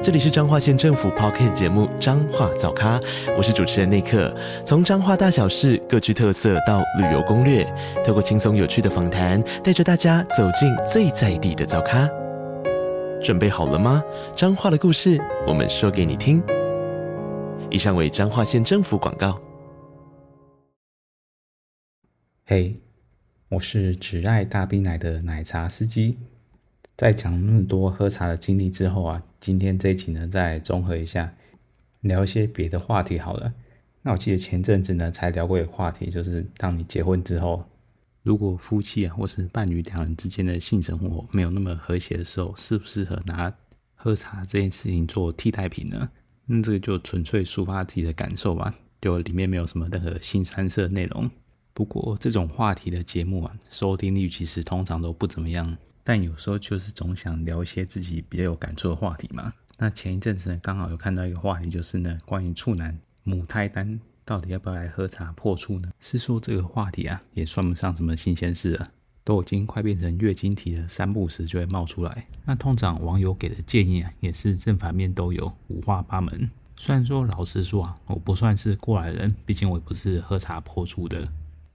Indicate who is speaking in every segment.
Speaker 1: 這裡是彰化縣政府 Podcast 節目《彰化早咖》，我是主持人內克。從彰化大小事各具特色到旅遊攻略，透過輕鬆有趣的訪談，帶着大家走進最在地的早咖。準備好了嗎？彰化的故事，我們說給你聽。以上為彰化縣政府廣告。嘿，hey, 我是只愛大冰奶的奶茶司機。在講那麼多喝茶的經歷之後啊，今天這一集呢，再綜合一下，聊一些別的話題好了。那我記得前陣子呢，才聊過一個話題，就是當你結婚之後，如果夫妻啊或是伴侶兩人之間的性生活沒有那麼和諧的時候，適不適合拿喝茶這件事情做替代品呢？那、嗯、這個就純粹抒發自己的感受吧，就裡面沒有什麼任何腥羶色的內容。不過這種話題的節目啊，收聽率其實通常都不怎麼樣。但有時候就是總想聊一些自己比較有感觸的話題嘛。那前一陣子呢，剛好有看到一個話題，就是呢關於處男母胎單到底要不要來喝茶破處呢？是說這個話題啊也算不上什麼新鮮事了，啊，都已經快變成月經題了，三不五時就會冒出來。那通常網友給的建議啊也是正反面都有，五花八門。雖然說老實說啊，我不算是過來人，畢竟我也不是喝茶破處的。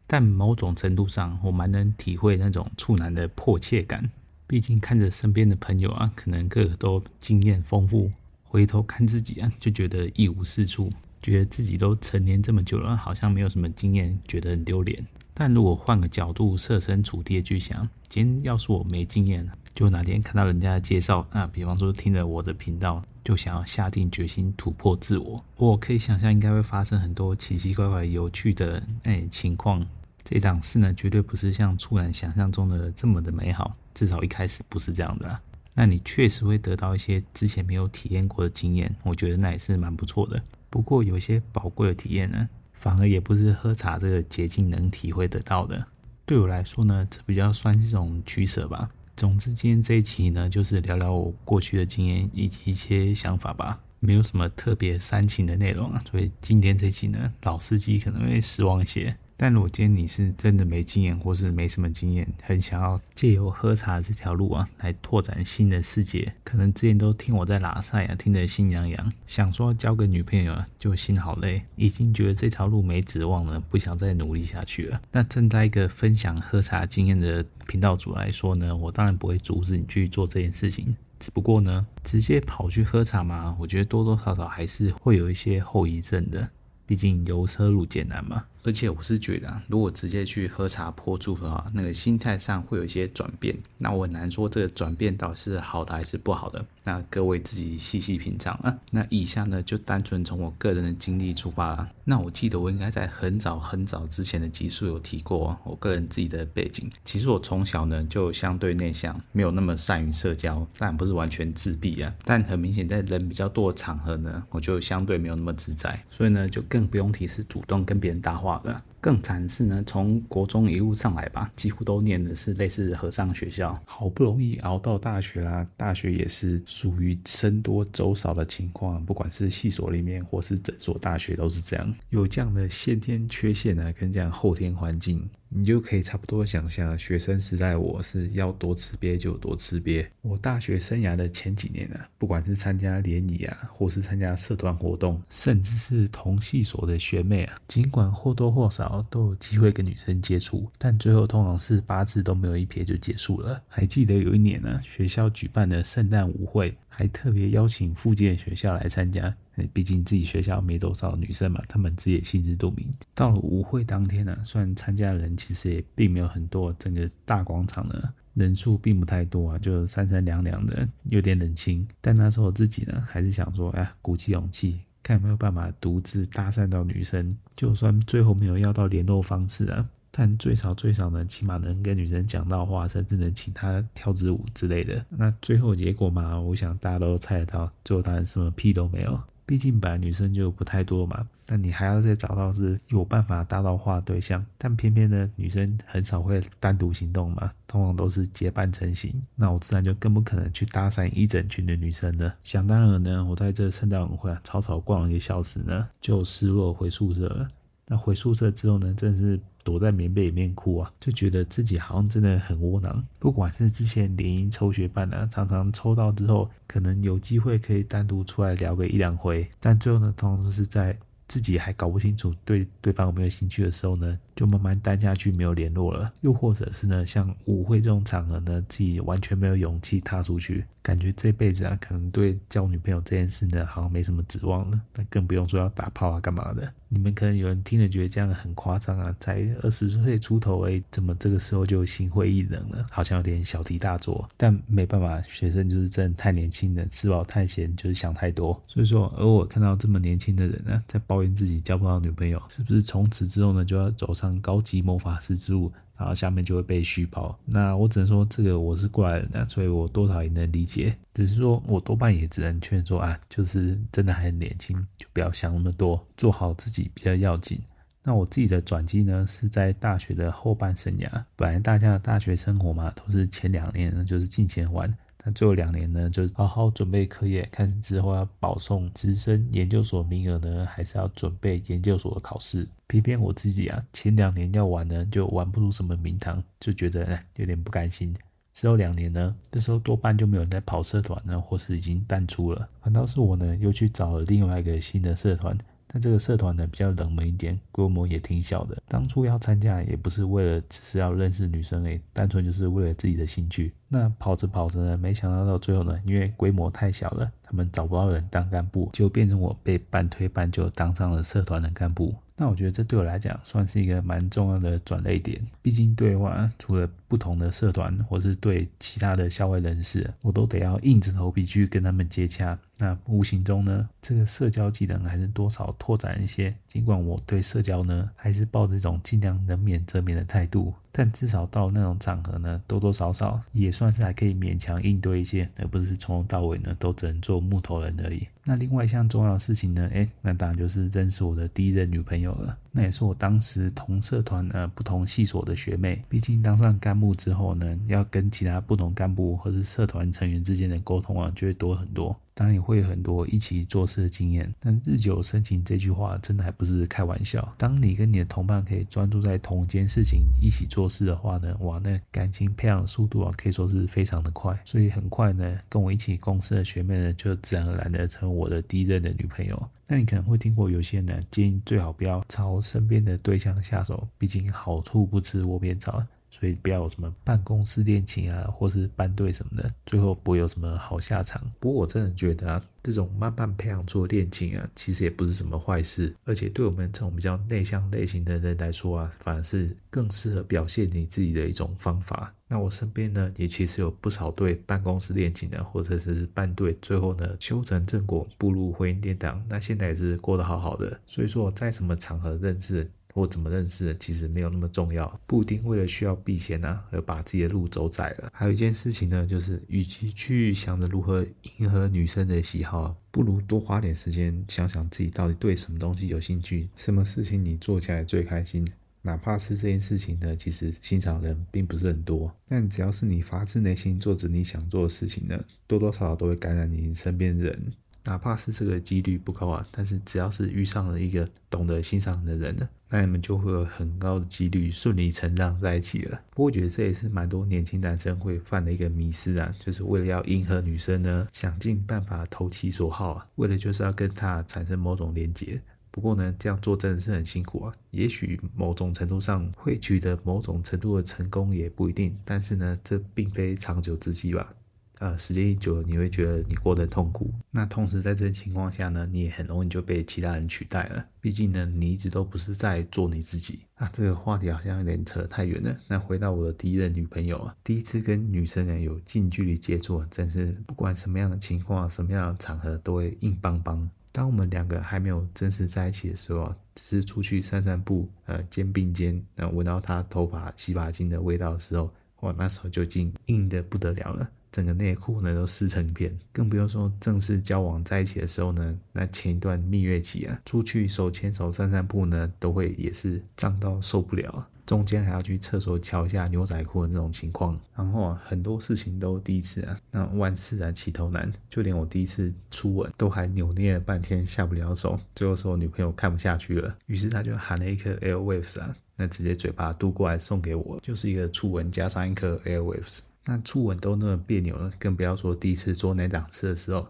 Speaker 1: 但某種程度上，我蠻能體會那種處男的迫切感。畢竟看着身邊的朋友啊，可能個個都經驗豐富，回頭看自己啊，就覺得一無是處，覺得自己都成年這麼久了，好像沒有什麼經驗，覺得很丟臉。但如果換個角度，設身處地的去想，今天要是我沒經驗，就哪天看到人家的介紹，那、啊、比方說聽了我的頻道，就想要下定決心突破自我，我可以想象應該會發生很多奇奇怪怪有趣的哎、欸、情況。這檔事呢，絕對不是像突然想象中的這麼的美好，至少一開始不是這樣的啦。那你確實會得到一些之前沒有體驗過的經驗，我覺得那也是蠻不錯的。不過有一些寶貴的體驗呢，反而也不是喝茶這個捷徑能體會得到的。對我來說呢，這比較算是一種取捨吧。總之，今天這一期呢，就是聊聊我過去的經驗以及一些想法吧，沒有什麼特別煽情的內容啊，所以今天這期呢，老司機可能會失望一些。但如果今天你是真的沒經驗，或是沒什麼經驗，很想要借由喝茶這條路啊，來拓展新的世界。可能之前都聽我在喇賽啊，聽得心癢癢，想說要交個女朋友啊，就心好累，已經覺得這條路沒指望了，不想再努力下去了。那站在一個分享喝茶經驗的頻道主來說呢，我當然不會阻止你去做這件事情。只不過呢，直接跑去喝茶嘛，我覺得多多少少還是會有一些後遺症的，畢竟由奢入儉難嘛。而且我是覺得、啊，如果直接去喝茶破處的話，那個心態上會有一些轉變。那我很難說這個轉變到底是好的還是不好的。那各位自己細細品嘗啊。那以下呢，就單純從我個人的經歷出發了。那我記得我應該在很早很早之前的集數有提過、啊、我個人自己的背景。其實我從小呢就相對內向，沒有那麼善於社交，但不是完全自閉啊。但很明顯，在人比較多的場合呢，我就相對沒有那麼自在。所以呢，就更不用提是主動跟別人搭話。好了，更慘是呢，從國中一路上來吧，幾乎都念的是類似和尚學校，好不容易熬到大學啦，大學也是屬於僧多粥少的情況，不管是系所裡面或是整所大學都是這樣，有這樣的先天缺陷呢，跟這樣後天環境。你就可以差不多想象學生時代我是要多吃鱉就多吃鱉。我大學生涯的前幾年啊，不管是參加聯誼啊，或是參加社團活動，甚至是同系所的學妹啊，儘管或多或少都有機會跟女生接觸，但最後通常是八字都沒有一撇就結束了。還記得有一年呢，啊，學校舉辦的聖誕舞會。還特別邀請附近的學校來參加，欸、畢竟自己學校沒多少的女生嘛，他們自己也心知肚明。到了舞會當天呢、啊，算參加的人其實也並沒有很多，整個大廣場呢，人數並不太多啊，就三三兩兩的，有點冷清。但那時候自己呢，還是想說，哎、啊，鼓起勇氣，看有沒有辦法獨自搭訕到女生，就算最後沒有要到聯絡方式啊。但最少最少呢，起碼能跟女生講到話，甚至能請她跳支舞之類的。那最後結果嘛，我想大家都猜得到，最後當然什麼屁都沒有。畢竟本來女生就不太多嘛，那你還要再找到是有辦法搭到話的對象，但偏偏呢，女生很少會單獨行動嘛，通常都是結伴成行。那我自然就更不可能去搭訕一整群的女生了。想當然了呢，我在這聖誕晚會草草逛了一個小時呢，就失落回宿舍了。那回宿舍之後呢，真是。躲在棉被裡面哭啊，就覺得自己好像真的很窩囊。不管是之前聯誼抽學伴啊，常常抽到之後，可能有機會可以單獨出來聊個一兩回，但最後呢，通常都是在自己還搞不清楚對對方有沒有興趣的時候呢。就慢慢待下去，沒有聯絡了。又或者是呢，像舞會這種場合呢，自己完全沒有勇氣踏出去，感覺這輩子啊，可能對交女朋友這件事呢，好像沒什麼指望了。那更不用說要打炮啊，幹嘛的？你們可能有人聽了覺得這樣很誇張啊，才二十歲出頭，哎，怎麼這個時候就心灰意冷了？好像有點小題大做。但沒辦法，學生就是真的太年輕了，吃飽太閒，就是想太多。所以說，而我看到這麼年輕的人呢、啊，在抱怨自己交不到女朋友，是不是從此之後呢，就要走上？上高級魔法師之物，然後下面就會被虛拋。那我只能說，這個我是過來人，那所以我多少也能理解。只是說我多半也只能勸說啊,就是真的還很年輕，就不要想那麼多，做好自己比較要緊。那我自己的轉機呢，是在大學的後半生涯。本來大家的大學生活嘛，都是前兩年那就是盡情玩。那最後兩年呢，就是好好準備課業，看之後要保送直升研究所名額呢，還是要準備研究所的考試。偏偏我自己啊，前兩年要玩呢，就玩不出什麼名堂，就覺得呢有點不甘心。之後兩年呢，這時候多半就沒有人在跑社團呢，或是已經淡出了。反倒是我呢，又去找了另外一個新的社團，但這個社團呢比較冷門一點，規模也挺小的。當初要參加也不是為了，只是要認識女生誒、欸，單純就是為了自己的興趣。那跑着跑着呢，沒想到到最後呢，因為規模太小了，他們找不到人當幹部，就變成我被半推半就當上了社團的幹部。那我覺得這對我來講算是一個蠻重要的轉捩點，畢竟對話除了不同的社團或是對其他的校外人士，我都得要硬着頭皮去跟他們接洽。那無形中呢，這個社交技能還是多少拓展一些。儘管我對社交呢，還是抱着一種盡量能免則免的態度，但至少到那種場合呢，多多少少也算是還可以勉強應對一些，而不是從頭到尾呢都只能做木頭人而已。那另外一項重要的事情呢，哎、欸，那當然就是認識我的第一任女朋友了。那也是我當時同社團呃不同系所的學妹。畢竟當上幹部之後呢，要跟其他不同幹部或是社團成員之間的溝通啊，就會多很多。當然也會有很多一起做事的經驗，但日久生情這句話真的還不是開玩笑。當你跟你的同伴可以專注在同一件事情一起做事的話呢，哇，那感情培養速度啊，可以說是非常的快。所以很快呢，跟我一起共事的學妹呢，就自然而然的成為我的第一任的女朋友。那你可能會聽過有些人呢，建議最好不要朝身邊的對象下手，畢竟好處不吃窩邊草。所以不要有什麼辦公室戀情啊，或是班對什麼的，最後不會有什麼好下場。不過我真的覺得啊，這種慢慢培養做戀情啊，其實也不是什麼壞事，而且對我們這種比較內向類型的人來說啊，反而是更適合表現你自己的一種方法。那我身邊呢，也其實有不少對辦公室戀情的，或者是是班對，最後呢修成正果步入婚姻殿堂，那現在也是過得好好的。所以說，在什麼場合認識，或怎麼認識的，其實沒有那麼重要。不一定為了需要避嫌呢、啊，而把自己的路走窄了。還有一件事情呢，就是與其去想着如何迎合女生的喜好，不如多花點時間想想自己到底對什麼東西有興趣，什麼事情你做起來最開心。哪怕是這件事情呢，其實欣賞人並不是很多。但只要是你發自內心做着你想做的事情呢，多多少少都會感染你身邊人。哪怕是這個幾率不高啊，但是只要是遇上了一個懂得欣賞的人呢，那你們就會有很高的幾率順理成章在一起了。不過我覺得這也是蠻多年輕男生會犯的一個迷思啊，就是為了要迎合女生呢，想盡辦法投其所好啊，為了就是要跟她產生某種連結。不過呢，這樣做真的是很辛苦啊，也許某種程度上會取得某種程度的成功也不一定，但是呢，這並非長久之計吧。呃，時間一久，你會覺得你過得很痛苦。那同時，在這個情況下呢，你也很容易就被其他人取代了。畢竟呢，你一直都不是在做你自己啊。這個話題好像有點扯太遠了。那回到我的第一任女朋友啊，第一次跟女生呢有近距離接觸，啊，真是不管什麼樣的情況、什麼樣的場合，都會硬邦邦。當我們兩個還沒有真實在一起的時候啊，只是出去散散步，呃，肩並肩，然後聞到她頭髮洗髮精的味道的時候，哇，那時候就已經硬硬的不得了了。整個內褲呢都濕成片，更不用說正式交往在一起的時候呢，那前一段蜜月期啊，出去手牽手散散步呢，都會也是脹到受不了啊，中間還要去廁所瞧一下牛仔褲的那種情況，然後啊很多事情都第一次啊，那萬事難起頭難，就連我第一次初吻都還扭捏了半天下不了手，最後是我女朋友看不下去了，於是她就喊了一顆 Airwaves 啊，那直接嘴巴嘟過來送給我，就是一個初吻加上一顆 Airwaves。那初吻都那麼彆扭了，更不要說第一次做那兩次的時候。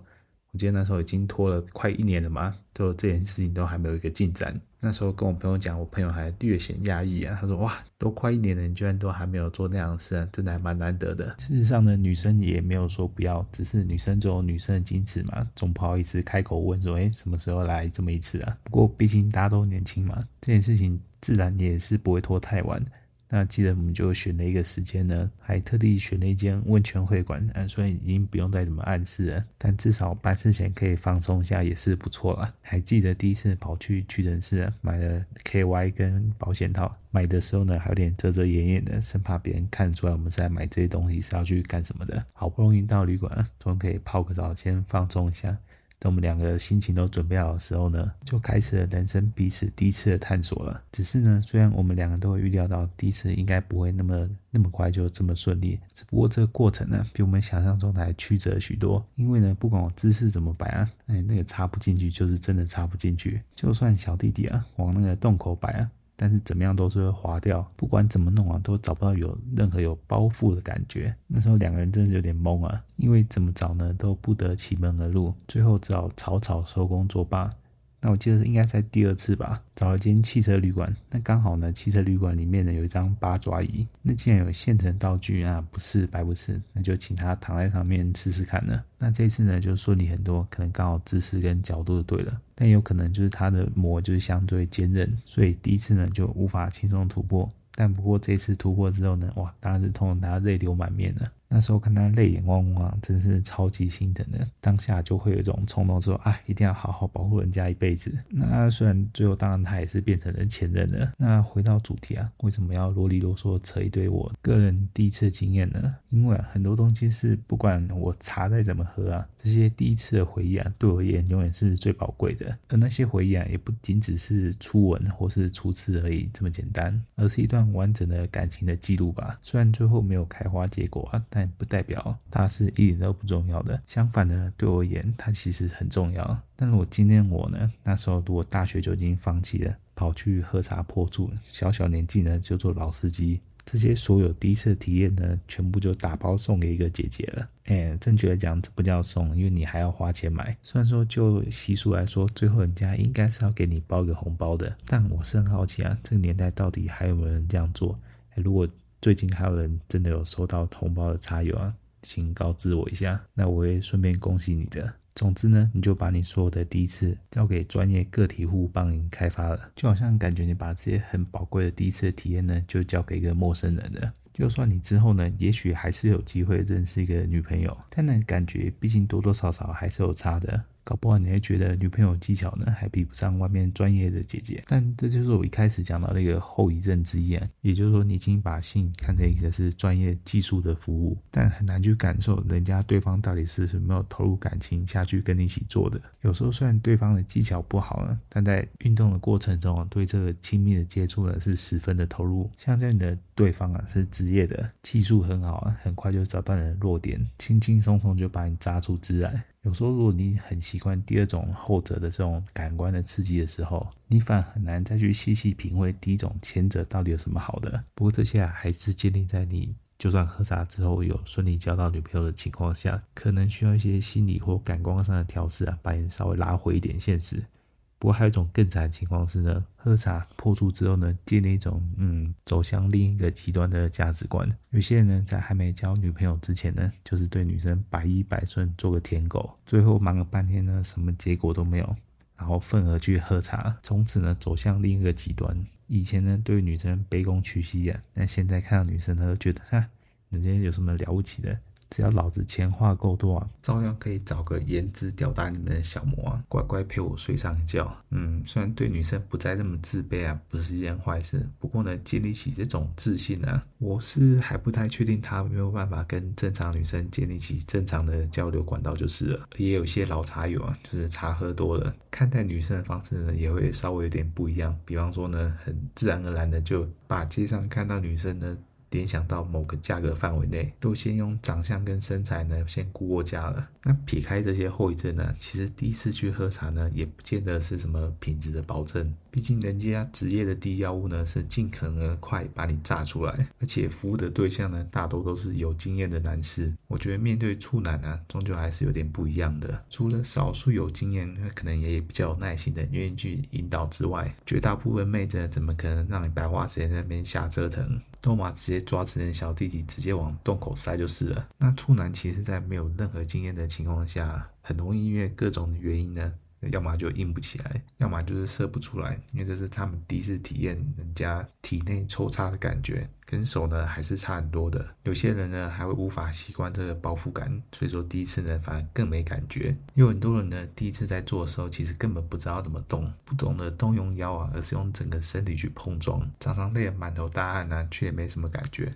Speaker 1: 我記得那時候已經拖了快一年了嘛，就這件事情都還沒有一個進展。那時候跟我朋友講，我朋友還略顯訝異啊，他說：“哇，都快一年了，你居然都還沒有做那樣的事啊，真的還蠻難得的。”事實上呢，女生也沒有說不要，只是女生總有女生的矜持嘛，總不好意思開口問說：“哎、欸，什麼時候來這麼一次啊？”不過畢竟大家都年輕嘛，這件事情自然也是不會拖太晚。那記得我們就選了一個時間呢，還特地選了一間溫泉會館，啊，所以已經不用再怎麼暗示了，但至少辦事前可以放鬆一下也是不錯了。還記得第一次跑去屈臣氏買了 K Y 跟保險套，買的時候呢還有點遮遮掩掩的，生怕別人看出來我們在買這些東西是要去幹什麼的。好不容易到旅館了，終於可以泡個澡先放鬆一下。等我們兩個心情都準備好的時候呢，就開始了人生彼此第一次的探索了。只是呢，雖然我們兩個都會預料到第一次應該不會那麼那麼快就這麼順利，只不過這個過程呢，比我們想象中的還曲折許多。因為呢，不管我姿勢怎麼擺啊，哎，那個插不進去就是真的插不進去。就算小弟弟啊，往那個洞口擺啊。但是怎麼樣都是會滑掉，不管怎麼弄啊，都找不到有任何有包覆的感覺。那時候兩個人真的有點懵啊，因為怎麼找呢，都不得其門而入，最後只好草草收工作罷。那我記得是應該在第二次吧，找了間汽車旅館，那剛好呢，汽車旅館裡面呢有一張八爪椅，那既然有現成道具啊，那不試白不試，那就請他躺在上面試試看呢。那這次呢就順利很多，可能剛好姿勢跟角度就對了，但也有可能就是他的膜就是相對堅韌，所以第一次呢就無法輕鬆突破。但不過這次突破之後呢，哇，當然是痛得他淚流滿面了。那時候看他淚眼汪汪，真是超級心疼的。當下就會有一種衝動說，啊，一定要好好保護人家一輩子。那雖然最後當然他也是變成了前任了。那回到主題啊，為什麼要囉里囉嗦扯一堆我個人第一次經驗呢？因為啊，很多東西是不管我茶再怎麼喝啊，這些第一次的回憶啊，對我而言永遠是最寶貴的。而那些回憶啊，也不僅只是初吻或是初次而已，這麼簡單，而是一段完整的感情的記錄吧。雖然最後沒有開花結果啊，但。不代表它是一點都不重要的，相反的，對我而言，它其實很重要。但是我今天我呢，那時候讀我大學就已經放棄了，跑去喝茶破處。小小年紀呢就做老司機，這些所有第一次的體驗呢，全部就打包送給一個姐姐了。哎、欸，正確來講，這不叫送，因為你還要花錢買。雖然說就習俗來說，最後人家應該是要給你包一個紅包的，但我是很好奇啊，這個年代到底還有沒有人這樣做？哎、欸，如果。最近還有人真的有收到同胞的茶友啊，請告知我一下，那我會順便恭喜你的。總之呢，你就把你所有的第一次交給專業個體戶幫你開發了，就好像感覺你把這些很寶貴的第一次體驗呢，就交給一個陌生人了。就算、是、你之後呢，也許還是有機會認識一個女朋友，但那感覺畢竟多多少少還是有差的。搞不好你還覺得女朋友技巧呢，還比不上外面專業的姐姐，但這就是我一開始講到那個後遺症之一，啊，也就是說，你已經把性看成一個是專業技術的服務，但很難去感受人家對方到底是沒有投入感情下去跟你一起做的。有時候雖然對方的技巧不好呢，但在運動的過程中啊，對這個親密的接觸呢是十分的投入。像這樣的對方啊，是職業的，技術很好，啊，很快就找到你的弱點，輕輕鬆鬆就把你扎出汁來。有時候，如果你很習慣第二種後者的這種感官的刺激的時候，你反而很難再去細細品味，第一種前者到底有什麼好的。不過這些啊，還是建立在你就算喝茶之後有順利交到女朋友的情況下，可能需要一些心理或感官上的調適啊，把你稍微拉回一點現實。不過還有一種更慘的情況是呢，喝茶破處之後呢，建立一種嗯走向另一個極端的價值觀。有些人呢，在還沒交女朋友之前呢，就是對女生百依百順，做個舔狗，最後忙了半天呢，什麼結果都沒有，然後憤而去喝茶，從此呢走向另一個極端。以前呢對女生卑躬屈膝啊，但現在看到女生，呢，都覺得哈，人家有什麼了不起的？只要老子錢花夠多啊，照樣可以找個顏值吊打你們的小魔王，乖乖陪我睡上一覺。嗯，雖然對女生不再那麼自卑啊，不是一件壞事。不過呢，建立起這種自信呢、啊，我是還不太確定他沒有辦法跟正常女生建立起正常的交流管道就是了。也有些老茶友啊，就是茶喝多了，看待女生的方式呢，也會稍微有點不一樣。比方說呢，很自然而然的就把街上看到女生呢。聯想到某個價格範圍內，都先用長相跟身材呢，先估過價了。那撇開這些後遺症呢，其實第一次去喝茶呢，也不見得是什麼品質的保證。畢竟人家職業的第一要務呢，是盡可能而快把你榨出來，而且服務的對象呢，大多都是有經驗的男士。我覺得面對處男呢啊，終究還是有點不一樣的。除了少數有經驗、可能也比較有耐心的願意去引導之外，絕大部分妹子呢怎麼可能讓你白花時間在那邊瞎折騰？都嘛直接抓成人小弟弟，直接往洞口塞就是了。那處男其實，在沒有任何經驗的情況下，很容易因為各種原因呢。要麼就硬不起來，要麼就是射不出來，因為這是他們第一次體驗人家體內抽插的感覺，跟手呢還是差很多的。有些人呢還會無法習慣這個飽腹感，所以說第一次呢反而更沒感覺。有很多人呢第一次在做的時候，其實根本不知道怎麼動，不懂得動用腰啊，而是用整個身體去碰撞，常常累得滿頭大汗呢、啊，卻也沒什麼感覺。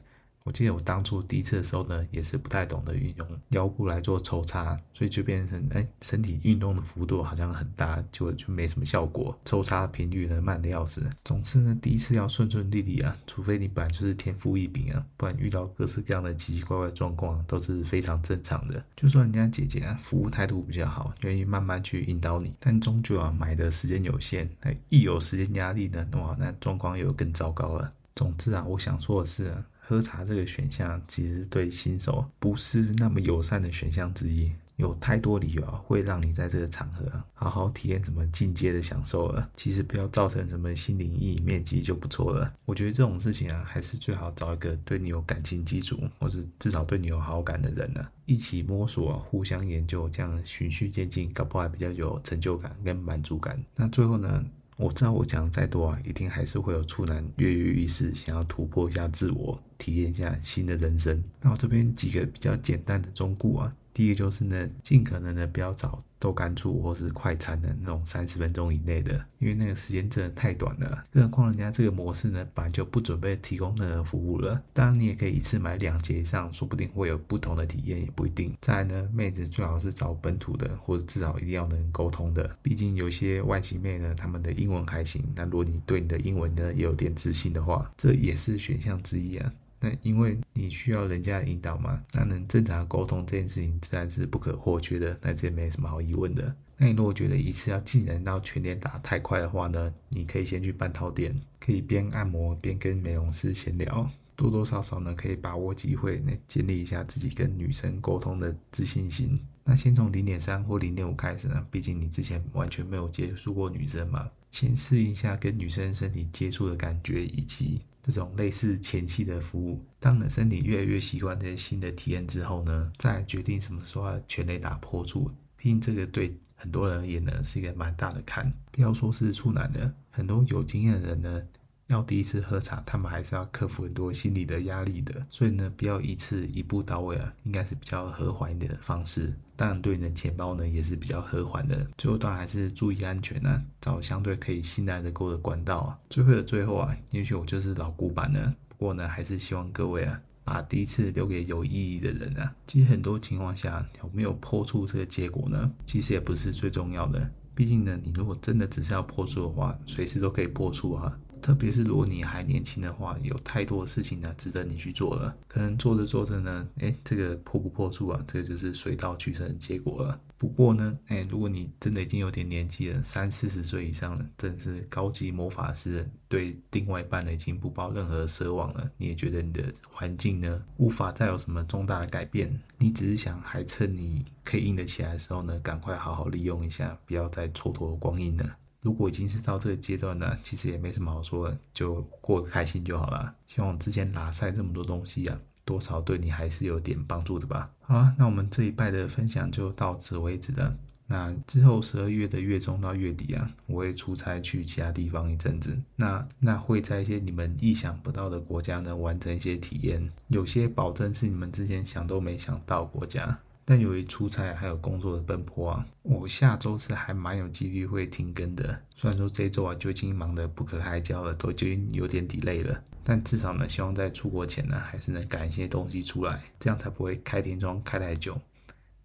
Speaker 1: 我記得我當初第一次的時候呢，也是不太懂得運用，用腰部來做抽插，所以就變成哎，身體運動的幅度好像很大，就就沒什麼效果。抽插頻率呢，慢的要死。總之呢，第一次要順順利利啊，除非你本來就是天賦異稟啊，不然遇到各式各樣的奇奇怪怪狀況啊，都是非常正常的。就算人家姐姐啊，服務態度比較好，願意慢慢去引導你，但終究啊，買的時間有限，哎，一有時間壓力呢，哇，那狀況又更糟糕了。總之啊，我想說的是啊。喝茶這個選項其實對新手不是那麼友善的選項之一，有太多理由啊會讓你在這個場合啊好好體驗什麼進階的享受了。其實不要造成什麼心靈陰影面積就不錯了。我覺得這種事情啊還是最好找一個對你有感情基礎，或是至少對你有好感的人呢、啊，一起摸索、啊、互相研究，這樣循序漸進，搞不好還比較有成就感跟滿足感。那最後呢，我知道我講再多啊，一定還是會有處男躍躍欲試，想要突破一下自我。體驗一下新的人生。那我這邊幾個比較簡單的忠告啊，第一個就是呢，儘可能的不要找豆乾厝或是快餐的那種三十分鐘以內的，因為那個時間真的太短了。更何況人家這個模式呢，本來就不準備提供任何服務了。當然，你也可以一次買兩節以上，說不定會有不同的體驗，也不一定。再來呢，妹子最好是找本土的，或者至少一定要能溝通的。畢竟有些外籍妹呢，她們的英文還行。那如果你對你的英文呢也有點自信的話，這也是選項之一啊。那因為你需要人家的引導嘛，那能正常溝通這件事情自然是不可或缺的，那這也沒什麼好疑問的。那你如果覺得一次要進入到全壘打太快的話呢，你可以先去半套店，可以邊按摩邊跟美容師閒聊，多多少少呢可以把握機會，那建立一下自己跟女生溝通的自信心。那先從零點三或零點五開始呢，畢竟你之前完全沒有接觸過女生嘛，先試一下跟女生身體接觸的感覺以及。這種類似前戲的服務，當你身體越來越習慣這些新的體驗之後呢，再決定什麼時候要全力打破處，畢竟這個對很多人而言呢是一個蠻大的坎。不要說是處男的，很多有經驗的人呢，要第一次喝茶，他們還是要克服很多心理的壓力的，所以呢，不要一次一步到位啊，應該是比較和緩一點的方式。當然，對你的錢包呢，也是比較和緩的。最後，當然還是注意安全啊，找相對可以信賴得過的管道啊。最後的最後啊，也許我就是老古板呢，不過呢，還是希望各位啊，把第一次留給有意義的人啊。其實很多情況下，有沒有破處這個結果呢？其實也不是最重要的，畢竟呢，你如果真的只是要破處的話，隨時都可以破處啊。特別是如果你還年輕的話，有太多的事情呢、啊、值得你去做了。可能做着做着呢，哎、欸，這個破不破處啊？這個就是水到渠成結果了。不過呢，哎、欸，如果你真的已經有點年紀了，三四十歲以上了，真的是高級魔法師，對另外一半呢，已經不抱任何奢望了。你也覺得你的環境呢，無法再有什麼重大的改變，你只是想還趁你可以硬得起來的時候呢，趕快好好利用一下，不要再蹉跎光陰了。如果已經是到這個階段了，其實也沒什麼好說的，就過個開心就好了。希望之前拿在這麼多東西呀、啊，多少對你還是有點幫助的吧。好了、啊，那我們這一拜的分享就到此為止了。那之後十二月的月中到月底啊，我會出差去其他地方一陣子。那那會在一些你們意想不到的國家呢，完成一些體驗，有些保證是你們之前想都沒想到國家。但由於出差還有工作的奔波啊，我下周是還蠻有機率會停更的。雖然說這週啊，就已經忙得不可開交了，都已經有點 delay 了，但至少呢，希望在出國前呢，還是能趕一些東西出來，這樣才不會開天窗開太久。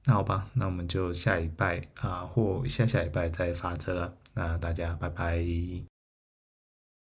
Speaker 1: 那好吧，那我們就下禮拜啊、呃，或下下禮拜再發車了。那大家拜拜。